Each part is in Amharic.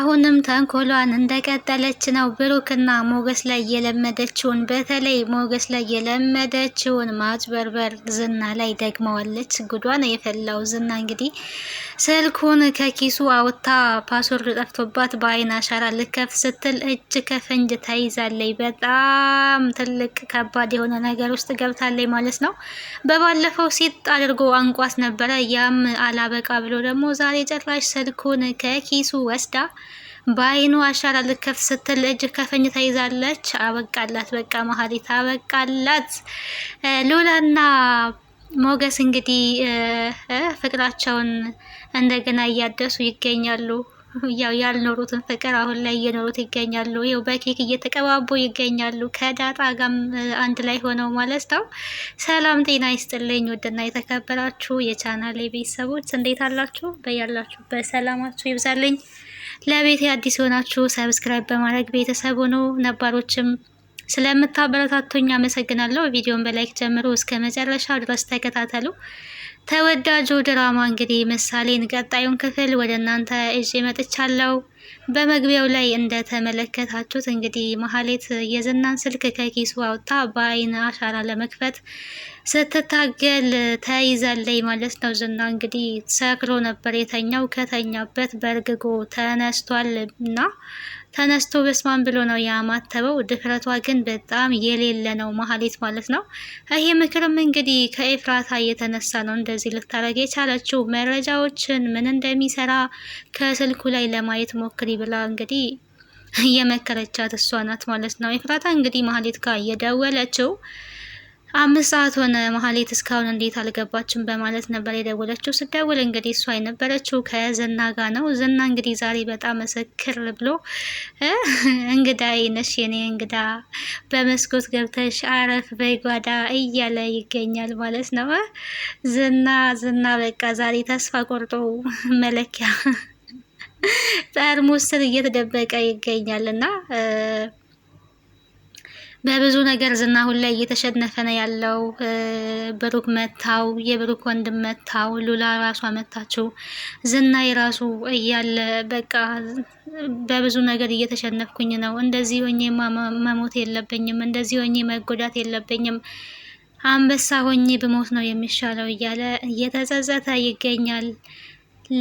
አሁንም ተንኮሏን እንደቀጠለች ነው። ብሩክና ሞገስ ላይ የለመደችውን በተለይ ሞገስ ላይ የለመደችውን ማጭበርበር ዝና ላይ ደግመዋለች። ጉዷን የፈላው ዝና እንግዲህ ስልኩን ከኪሱ አውታ ፓስወርድ ጠፍቶባት በአይን አሻራ ልከፍ ስትል እጅ ከፍንጅ ተይዛለች። በጣም ትልቅ ከባድ የሆነ ነገር ውስጥ ገብታለች ማለት ነው። በባለፈው ሲጥ አድርጎ አንቋስ ነበረ። ያም አላበቃ ብሎ ደግሞ ዛሬ ጨራሽ ስልኩን ከኪሱ ወስዳ በአይኑ አሻራ ልከፍ ስትል እጅ ከፈኝታ ተይዛለች። አበቃላት፣ በቃ መሀሊት አበቃላት። ሉላና ሞገስ እንግዲህ ፍቅራቸውን እንደገና እያደሱ ይገኛሉ። ያው ያልኖሩትን ፍቅር አሁን ላይ እየኖሩት ይገኛሉ። ይው በኬክ እየተቀባቡ ይገኛሉ ከዳጣ ጋም አንድ ላይ ሆነው ማለት ነው። ሰላም ጤና ይስጥልኝ ውድና የተከበራችሁ የቻናል ቤተሰቦች እንዴት አላችሁ? በያላችሁ በሰላማችሁ ይብዛልኝ። ለቤት አዲስ የሆናችሁ ሰብስክራይብ በማድረግ ቤተሰብ ሁኑ። ነባሮችም ስለምታበረታቱኝ አመሰግናለሁ። ቪዲዮን በላይክ ጀምሮ እስከ መጨረሻ ድረስ ተከታተሉ። ተወዳጁ ድራማ እንግዲህ ምሳሌን ቀጣዩን ክፍል ወደ እናንተ እዥ መጥቻለሁ። በመግቢያው ላይ እንደተመለከታችሁት እንግዲህ መሀሌት የዝናን ስልክ ከኪሱ አውጣ በአይን አሻራ ለመክፈት ስትታገል ተይዛለይ ማለት ነው። ዝና እንግዲህ ሰክሮ ነበር የተኛው። ከተኛበት በእርግጎ ተነስቷል እና ተነስቶ በስማን ብሎ ነው ያማተበው። ድፍረቷ ግን በጣም የሌለ ነው መሀሌት ማለት ነው። ይሄ ምክርም እንግዲህ ከኤፍራታ እየተነሳ ነው እንደዚህ ልታረግ የቻለችው። መረጃዎችን ምን እንደሚሰራ ከስልኩ ላይ ለማየት ሞክሪ ብላ እንግዲህ እየመከረቻት እሷ ናት ማለት ነው። ኤፍራታ እንግዲህ መሀሌት ጋር እየደወለችው አምስት ሰዓት ሆነ መሀሌት እስካሁን እንዴት አልገባችም? በማለት ነበር የደወለችው። ስደውል እንግዲህ እሷ የነበረችው ከዝና ጋ ነው። ዝና እንግዲህ ዛሬ በጣም መሰክር ብሎ እንግዳ ነሽ የኔ እንግዳ፣ በመስኮት ገብተሽ አረፍ በጓዳ እያለ ይገኛል ማለት ነው። ዝና ዝና በቃ ዛሬ ተስፋ ቆርጦ መለኪያ ጠርሙስ ስር እየተደበቀ ይገኛል እና በብዙ ነገር ዝና አሁን ላይ እየተሸነፈ ነው ያለው። ብሩክ መታው፣ የብሩክ ወንድም መታው፣ ሉላ ራሷ መታችው፣ ዝና የራሱ እያለ በቃ በብዙ ነገር እየተሸነፍኩኝ ነው። እንደዚህ ሆኜ መሞት የለብኝም፣ እንደዚህ ሆኜ መጎዳት የለብኝም፣ አንበሳ ሆኜ ብሞት ነው የሚሻለው እያለ እየተጸጸተ ይገኛል።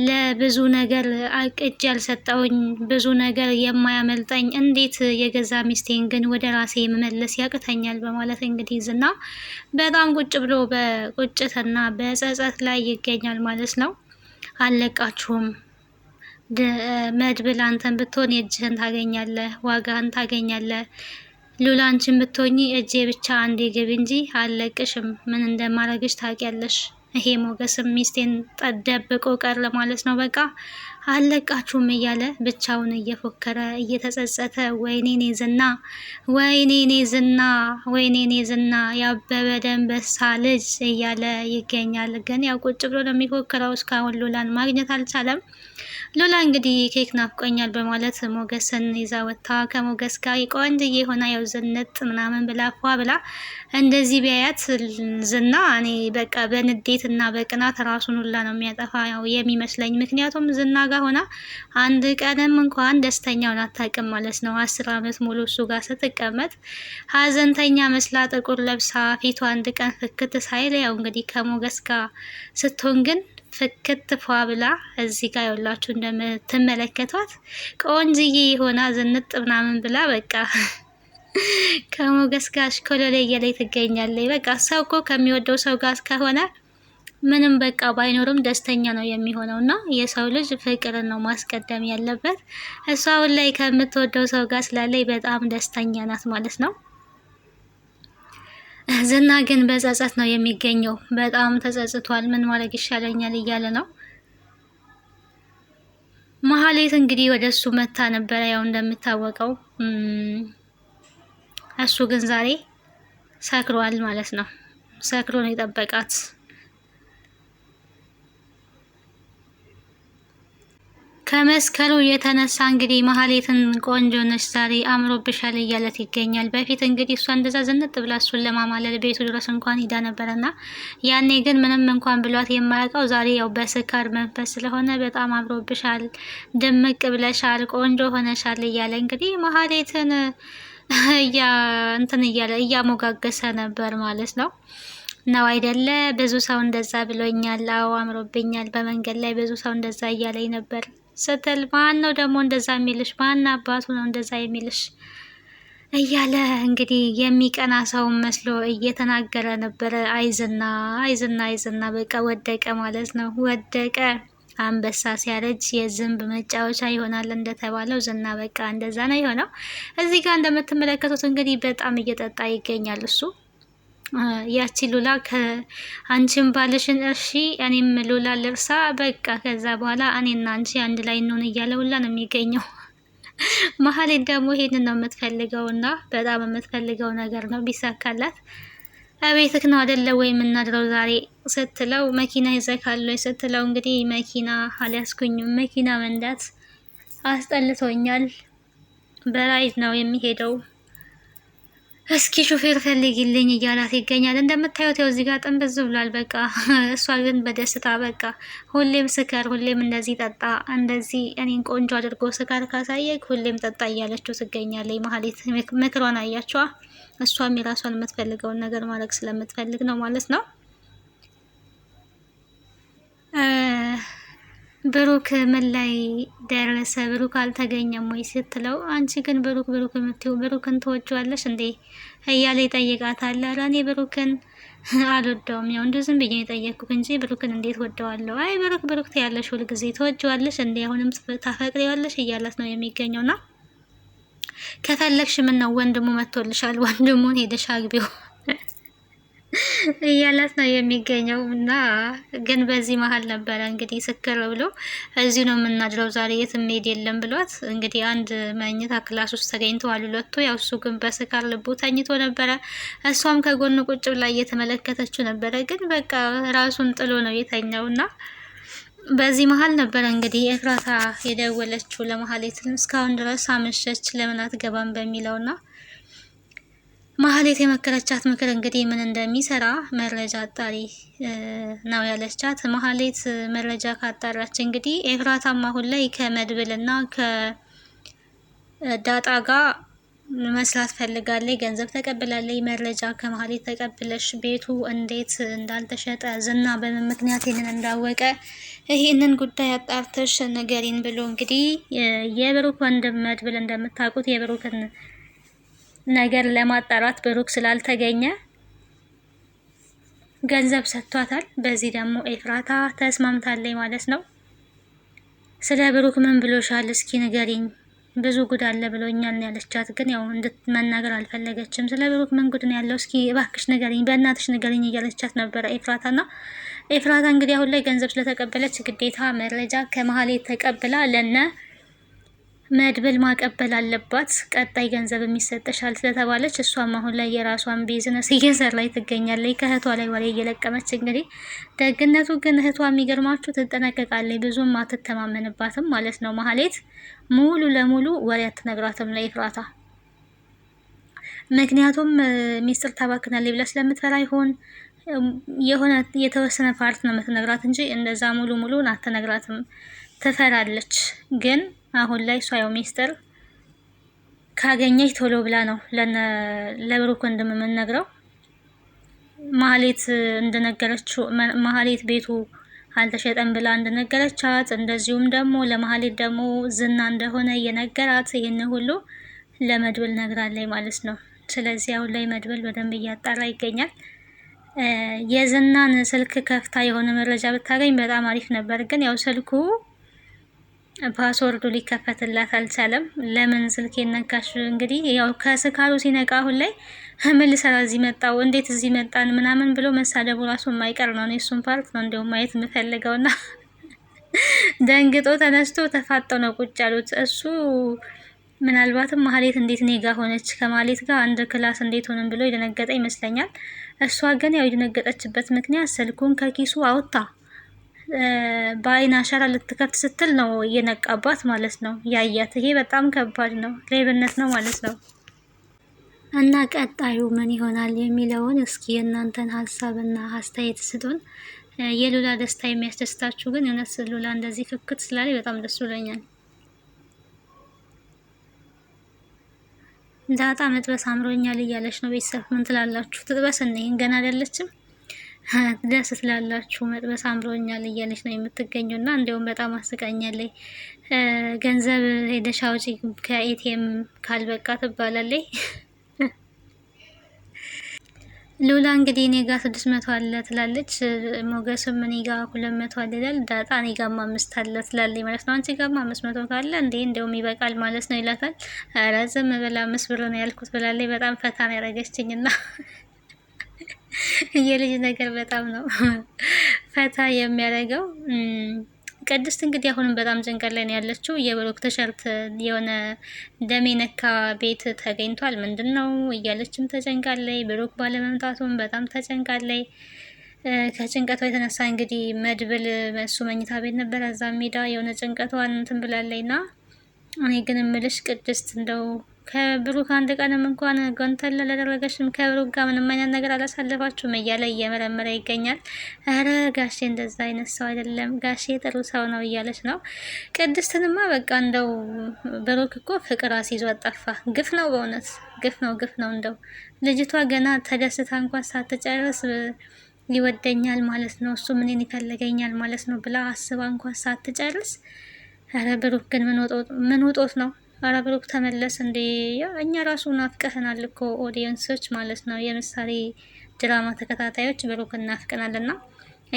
ለብዙ ነገር አቅጅ ያልሰጠውኝ ብዙ ነገር የማያመልጠኝ እንዴት የገዛ ሚስቴን ግን ወደ ራሴ መመለስ ያቅተኛል? በማለት እንግዲህ ዝና በጣም ቁጭ ብሎ በቁጭትና በጸጸት ላይ ይገኛል ማለት ነው። አለቃችሁም መድብል አንተን ብትሆን የእጅህን ታገኛለህ፣ ዋጋህን ታገኛለህ። ሉላንችን ብትሆኚ እጄ ብቻ አንዴ ግቢ እንጂ አለቅሽም። ምን እንደማረግሽ ታውቂያለሽ። ይሄ ሞገስም ሚስቴን ጠደብቆ ቀረ ማለት ነው። በቃ አለቃችሁም እያለ ብቻውን እየፎከረ እየተጸጸተ፣ ኔ ዝና፣ ወይኔኔ ዝና፣ ኔ ዝና ያበበ ደንበሳ ልጅ እያለ ይገኛል። ግን ያው ቁጭ ብሎ ነው የሚፎክረው። እስካሁን ሉላን ማግኘት አልቻለም። ሉላ እንግዲህ ኬክ ናፍቆኛል በማለት ሞገስን ይዛ ወጥታ ከሞገስ ጋር ቆንጅዬ የሆነ ያው ዘነጥ ምናምን ብላ ፏ ብላ እንደዚህ ቢያያት ዝና እኔ በቃ በንዴት እና በቅናት ራሱን ሁላ ነው የሚያጠፋ ያው የሚመስለኝ። ምክንያቱም ዝና ጋር ሆና አንድ ቀንም እንኳን ደስተኛውን አታውቅም ማለት ነው። አስር አመት ሙሉ እሱ ጋር ስትቀመጥ ሀዘንተኛ መስላ ጥቁር ለብሳ ፊቱ አንድ ቀን ፍክት ሳይል ያው እንግዲህ ከሞገስ ጋር ስትሆን ግን ፍክት ፏ ብላ እዚህ ጋር ያላችሁ እንደምትመለከቷት ቆንጅዬ የሆና ዝንጥ ምናምን ብላ በቃ ከሞገስ ጋር ሽኮለለየ ላይ ትገኛለች። በቃ ሰው እኮ ከሚወደው ሰው ጋር ከሆነ ምንም በቃ ባይኖርም ደስተኛ ነው የሚሆነው እና የሰው ልጅ ፍቅርን ነው ማስቀደም ያለበት። እሷ አሁን ላይ ከምትወደው ሰው ጋር ስላለኝ በጣም ደስተኛ ናት ማለት ነው። ዝና ግን በጸጸት ነው የሚገኘው። በጣም ተጸጽቷል። ምን ማድረግ ይሻለኛል እያለ ነው። መሀሌት እንግዲህ ወደ እሱ መታ ነበረ፣ ያው እንደሚታወቀው እሱ ግን ዛሬ ሰክሯል ማለት ነው። ሰክሮ ነው የጠበቃት። ከመስከሩ የተነሳ እንግዲህ መሀሌትን ቆንጆ ነች ዛሬ አምሮብሻል እያለት ይገኛል። በፊት እንግዲህ እሷ እንደዛ ዝንጥ ብላ እሱን ለማማለል ቤቱ ድረስ እንኳን ሂዳ ነበረና ያኔ ግን ምንም እንኳን ብሏት የማያውቀው ዛሬ ያው በስካር መንፈስ ስለሆነ በጣም አምሮብሻል፣ ድምቅ ብለሻል፣ ቆንጆ ሆነሻል እያለ እንግዲህ መሀሌትን እያ እንትን እያለ እያሞጋገሰ ነበር ማለት ነው ነው አይደለ? ብዙ ሰው እንደዛ ብሎኛል። አዎ አምሮብኛል። በመንገድ ላይ ብዙ ሰው እንደዛ እያለኝ ነበር። ስትል ማን ነው ደግሞ እንደዛ የሚልሽ? ማን አባቱ ነው እንደዛ የሚልሽ? እያለ እንግዲህ የሚቀና ሰው መስሎ እየተናገረ ነበረ። አይዝና አይዝና አይዝና በቃ ወደቀ ማለት ነው። ወደቀ አንበሳ ሲያረጅ የዝንብ መጫወቻ ይሆናል እንደተባለው ዝና በቃ እንደዛ ነው የሆነው። እዚህ ጋር እንደምትመለከቱት እንግዲህ በጣም እየጠጣ ይገኛል እሱ ያቺ ሉላ ከአንቺን ባልሽን እርሺ እኔም ሉላ ልርሳ፣ በቃ ከዛ በኋላ እኔና አንቺ አንድ ላይ እንሆን እያለ ሁላ ነው የሚገኘው። መሀሌት ደግሞ ይሄንን ነው የምትፈልገው እና በጣም የምትፈልገው ነገር ነው ቢሳካላት አቤትክ ነው አደለ ወይ የምናድረው ዛሬ ስትለው መኪና ይዘካለ ስትለው እንግዲህ መኪና አልያዝኩኝም መኪና መንዳት አስጠልቶኛል በራይድ ነው የሚሄደው እስኪ ሹፌር ፈልግልኝ እያላት ይገኛል። እንደምታዩት ያው እዚህ ጋር ጥንብዝ ብሏል። በቃ እሷ ግን በደስታ በቃ ሁሌም ስከር፣ ሁሌም እንደዚህ ጠጣ፣ እንደዚህ እኔን ቆንጆ አድርጎ ስከር ካሳየግ ሁሌም ጠጣ እያለችው ትገኛለች። መሀሌት ምክሯን አያቸዋ። እሷም የራሷን የምትፈልገውን ነገር ማድረግ ስለምትፈልግ ነው ማለት ነው። ብሩክ ምን ላይ ደረሰ? ብሩክ አልተገኘም ወይ ስትለው፣ አንቺ ግን ብሩክ ብሩክ የምትይው ብሩክን ትወጂዋለሽ እንዴ እያለ ይጠይቃታል። ኧረ እኔ ብሩክን አልወደውም፣ ያው እንዲሁ ዝም ብዬ የጠየቅኩህ እንጂ ብሩክን እንዴት ወደዋለሁ? አይ ብሩክ ብሩክ ትያለሽ ሁልጊዜ፣ ትወጂዋለሽ እንዴ አሁንም ታፈቅሪዋለሽ እያላት ነው የሚገኘውና ከፈለግሽ ምን ነው ወንድሙ መጥቶልሻል፣ ወንድሙን ሄደሽ አግቢው እያላት ነው የሚገኘው እና ግን በዚህ መሀል ነበረ እንግዲህ ስክር ብሎ እዚሁ ነው የምናድረው ዛሬ የት መሄድ የለም ብሏት እንግዲህ አንድ መኝታ ክላስ ውስጥ ተገኝተዋል ሁለቱ። ያው እሱ ግን በስካር ልቡ ተኝቶ ነበረ። እሷም ከጎን ቁጭ ብላ እየተመለከተችው ነበረ። ግን በቃ ራሱን ጥሎ ነው የተኛው እና በዚህ መሀል ነበረ እንግዲህ ኤፍራታ የደወለችው ለመሀሌትም እስካሁን ድረስ አመሸች ለምን አትገባም በሚለው ና ማህሌት የመከረቻት ምክር እንግዲህ ምን እንደሚሰራ መረጃ አጣሪ ነው ያለቻት። ማህሌት መረጃ ካጣራች እንግዲህ ኤፍራታም አሁን ላይ ከመድብል ከመድብልና ከዳጣ ጋር መስራት ፈልጋለች። ገንዘብ ተቀብላለች። መረጃ ከማህሌት ተቀብለሽ ቤቱ እንዴት እንዳልተሸጠ ዝና በምን ምክንያት ይህንን እንዳወቀ ይህንን ጉዳይ አጣርተሽ ንገሪን ብሎ እንግዲህ የብሩክ ወንድም መድብል እንደምታውቁት የብሩክን ነገር ለማጣራት ብሩክ ስላልተገኘ ገንዘብ ሰጥቷታል። በዚህ ደግሞ ኤፍራታ ተስማምታለኝ ማለት ነው። ስለ ብሩክ ምን ብሎሻል? እስኪ ንገሪኝ፣ ብዙ ጉድ አለ ብሎኛል ያለቻት፣ ግን ያው እንድትመናገር አልፈለገችም። ስለ ብሩክ ምን ጉድ ነው ያለው? እስኪ እባክሽ ንገሪኝ፣ በእናትሽ ንገሪኝ እያለቻት ነበረ ኤፍራታ ና ኤፍራታ እንግዲህ አሁን ላይ ገንዘብ ስለተቀበለች ግዴታ መረጃ ከመሀል ተቀብላ ለነ መድብል ማቀበል አለባት። ቀጣይ ገንዘብ የሚሰጠሻል ስለተባለች እሷም አሁን ላይ የራሷን ቢዝነስ እየሰር ላይ ትገኛለች። ከእህቷ ላይ ወሬ እየለቀመች እንግዲህ ደግነቱ ግን እህቷ የሚገርማችሁ ትጠነቀቃለች፣ ብዙም አትተማመንባትም ማለት ነው። ማህሌት ሙሉ ለሙሉ ወሬ አትነግራትም ለኤፍራታ። ምክንያቱም ሚስጥር ታባክናለች ብላ ስለምትፈራ ይሆን የሆነ የተወሰነ ፓርት ነው የምትነግራት እንጂ እንደዛ ሙሉ ሙሉን አትነግራትም፣ ትፈራለች ግን አሁን ላይ እሷ ያው ሚስጥር ካገኘች ቶሎ ብላ ነው ለብሩክ ወንድም የምንነግረው። ማህሌት እንደነገረችው ማህሌት ቤቱ አልተሸጠም ብላ እንደነገረቻት፣ እንደዚሁም ደግሞ ለማህሌት ደግሞ ዝና እንደሆነ እየነገራት ይህን ሁሉ ለመድብል ነግራለች ማለት ነው። ስለዚህ አሁን ላይ መድብል በደንብ እያጣራ ይገኛል። የዝናን ስልክ ከፍታ የሆነ መረጃ ብታገኝ በጣም አሪፍ ነበር፣ ግን ያው ስልኩ ፓስወርዱ ሊከፈትላት አልቻለም። ለምን ስልክ የነካሽ? እንግዲህ ያው ከስካሉ ሲነቃ አሁን ላይ ምን ልሰራ እዚህ መጣው፣ እንዴት እዚህ መጣን ምናምን ብሎ መሳደቡ ራሱ የማይቀር ነው። እሱን ፓርት ነው እንዲሁም ማየት የምፈልገውና ደንግጦ ተነስቶ ተፋጠው ነው ቁጭ ያሉት። እሱ ምናልባትም ማህሌት እንዴት እኔ ጋ ሆነች፣ ከማህሌት ጋር አንድ ክላስ እንዴት ሆንም ብሎ የደነገጠ ይመስለኛል። እሷ ግን ያው የደነገጠችበት ምክንያት ስልኩን ከኪሱ አውጥታ በአይን አሻራ ልትከፍት ስትል ነው እየነቃባት ማለት ነው ያያት። ይሄ በጣም ከባድ ነው፣ ሌብነት ነው ማለት ነው። እና ቀጣዩ ምን ይሆናል የሚለውን እስኪ የእናንተን ሀሳብና አስተያየት ስጡን። የሉላ ደስታ የሚያስደስታችሁ ግን እውነት ሉላ እንደዚህ ክክት ስላለ በጣም ደስ ብሎኛል። ዳጣ መጥበስ አምሮኛል እያለች ነው። ቤተሰብ ምን ትላላችሁ? ትጥበስ እንይን ገና አይደለችም። ደስ ስላላችሁ መጥበስ አምሮኛል እያለች ነው የምትገኘው። እና እንዲሁም በጣም አስቃኛለች። ገንዘብ ሄደሽ አውጪ ከኤቲኤም ካልበቃ ትባላለች። ሉላ እንግዲህ እኔ ጋር ስድስት መቶ አለ ትላለች። ሞገስም እኔ ጋር ሁለት መቶ አለ ይላል። ዳጣ እኔ ጋርማ አምስት አለ ትላለች ማለት ነው። አንቺ ጋርማ አምስት መቶ ካለ እንዴ እንደውም ይበቃል ማለት ነው ይላታል። ኧረ ዝም ብላ አምስት ብር ነው ያልኩት ብላለች። በጣም ፈታን ያደረገችኝና የልጅ ነገር በጣም ነው ፈታ የሚያደርገው። ቅድስት እንግዲህ አሁንም በጣም ጭንቀት ላይ ነው ያለችው። የብሩክ ቲሸርት የሆነ ደሜ ነካ ቤት ተገኝቷል ምንድን ነው እያለችም ተጨንቃለች። ብሩክ ባለመምጣቱም በጣም ተጨንቃለች። ከጭንቀቷ የተነሳ እንግዲህ መድብል መሱ መኝታ ቤት ነበር፣ እዛ ሜዳ የሆነ ጭንቀቷን እንትን ብላለች እኔ ግን እምልሽ ቅድስት እንደው ከብሩክ አንድ ቀንም እንኳን ጎንተል ለደረገሽም ከብሩክ ጋር ምንም አይነት ነገር አላሳለፋችሁም እያለ እየመረመረ ይገኛል። አረ ጋሼ እንደዛ አይነት ሰው አይደለም ጋሼ ጥሩ ሰው ነው እያለች ነው። ቅድስትንማ በቃ እንደው ብሩክ እኮ ፍቅር አስይዞ አጠፋ። ግፍ ነው በእውነት ግፍ ነው ግፍ ነው። እንደው ልጅቷ ገና ተደስታ እንኳን ሳትጨርስ ይወደኛል ማለት ነው እሱ ምንን ይፈልገኛል ማለት ነው ብላ አስባ እንኳን ሳትጨርስ ኧረ ብሩክ ግን ምን ነው? አረ ብሩክ ተመለስ እንዴ! እኛ ራሱ ናፍቀህናል እኮ ኦዲየንሶች ማለት ነው። የምሳሌ ድራማ ተከታታዮች ብሩክ እናፍቀናልና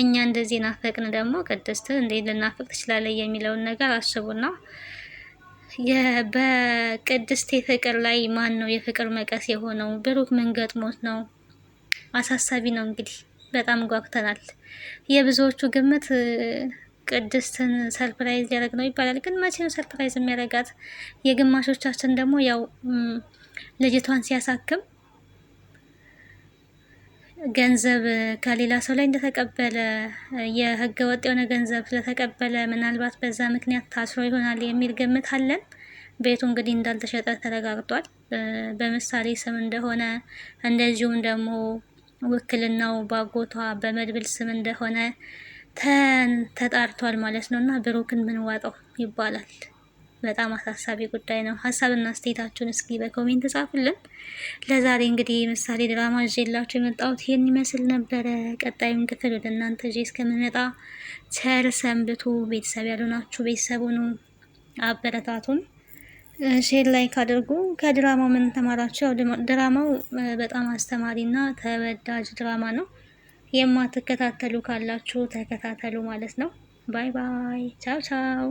እኛ እንደዚህ ናፈቅን ደግሞ ቅድስት እንዴ ልናፍቅ ትችላለህ የሚለውን ነገር አስቡና በቅድስት ፍቅር ላይ ማን ነው የፍቅር መቀስ የሆነው? ብሩክ ምን ገጥሞት ነው? አሳሳቢ ነው እንግዲህ በጣም ጓጉተናል። የብዙዎቹ ግምት ቅድስትን ሰርፕራይዝ ሊያደርግ ነው ይባላል። ግን መቼ ነው ሰርፕራይዝ የሚያደርጋት? የግማሾቻችን ደግሞ ያው ልጅቷን ሲያሳክም ገንዘብ ከሌላ ሰው ላይ እንደተቀበለ የህገ ወጥ የሆነ ገንዘብ ስለተቀበለ ምናልባት በዛ ምክንያት ታስሮ ይሆናል የሚል ግምት አለን። ቤቱ እንግዲህ እንዳልተሸጠ ተረጋግጧል። በምሳሌ ስም እንደሆነ እንደዚሁም ደግሞ ውክልናው ባጎቷ በመድብል ስም እንደሆነ ተጣርቷል ማለት ነው እና ብሩክን ዋጠው ይባላል። በጣም አሳሳቢ ጉዳይ ነው። ሀሳብና አስተያየታችሁን እስኪ በኮሜንት ጻፉልን። ለዛሬ እንግዲህ ምሳሌ ድራማ ይዤላችሁ የመጣሁት ይህን ይመስል ነበረ። ቀጣዩን ክፍል ወደ እናንተ ይዤ እስከምመጣ ቸር ሰንብቱ። ቤተሰብ ያሉናችሁ ቤተሰብ አበረታቱን፣ ሼር ላይክ አድርጉ። ከድራማው ምን ተማራችሁ? ድራማው በጣም አስተማሪና ተወዳጅ ድራማ ነው። የማትከታተሉ ካላችሁ ተከታተሉ ማለት ነው። ባይ ባይ፣ ቻው ቻው።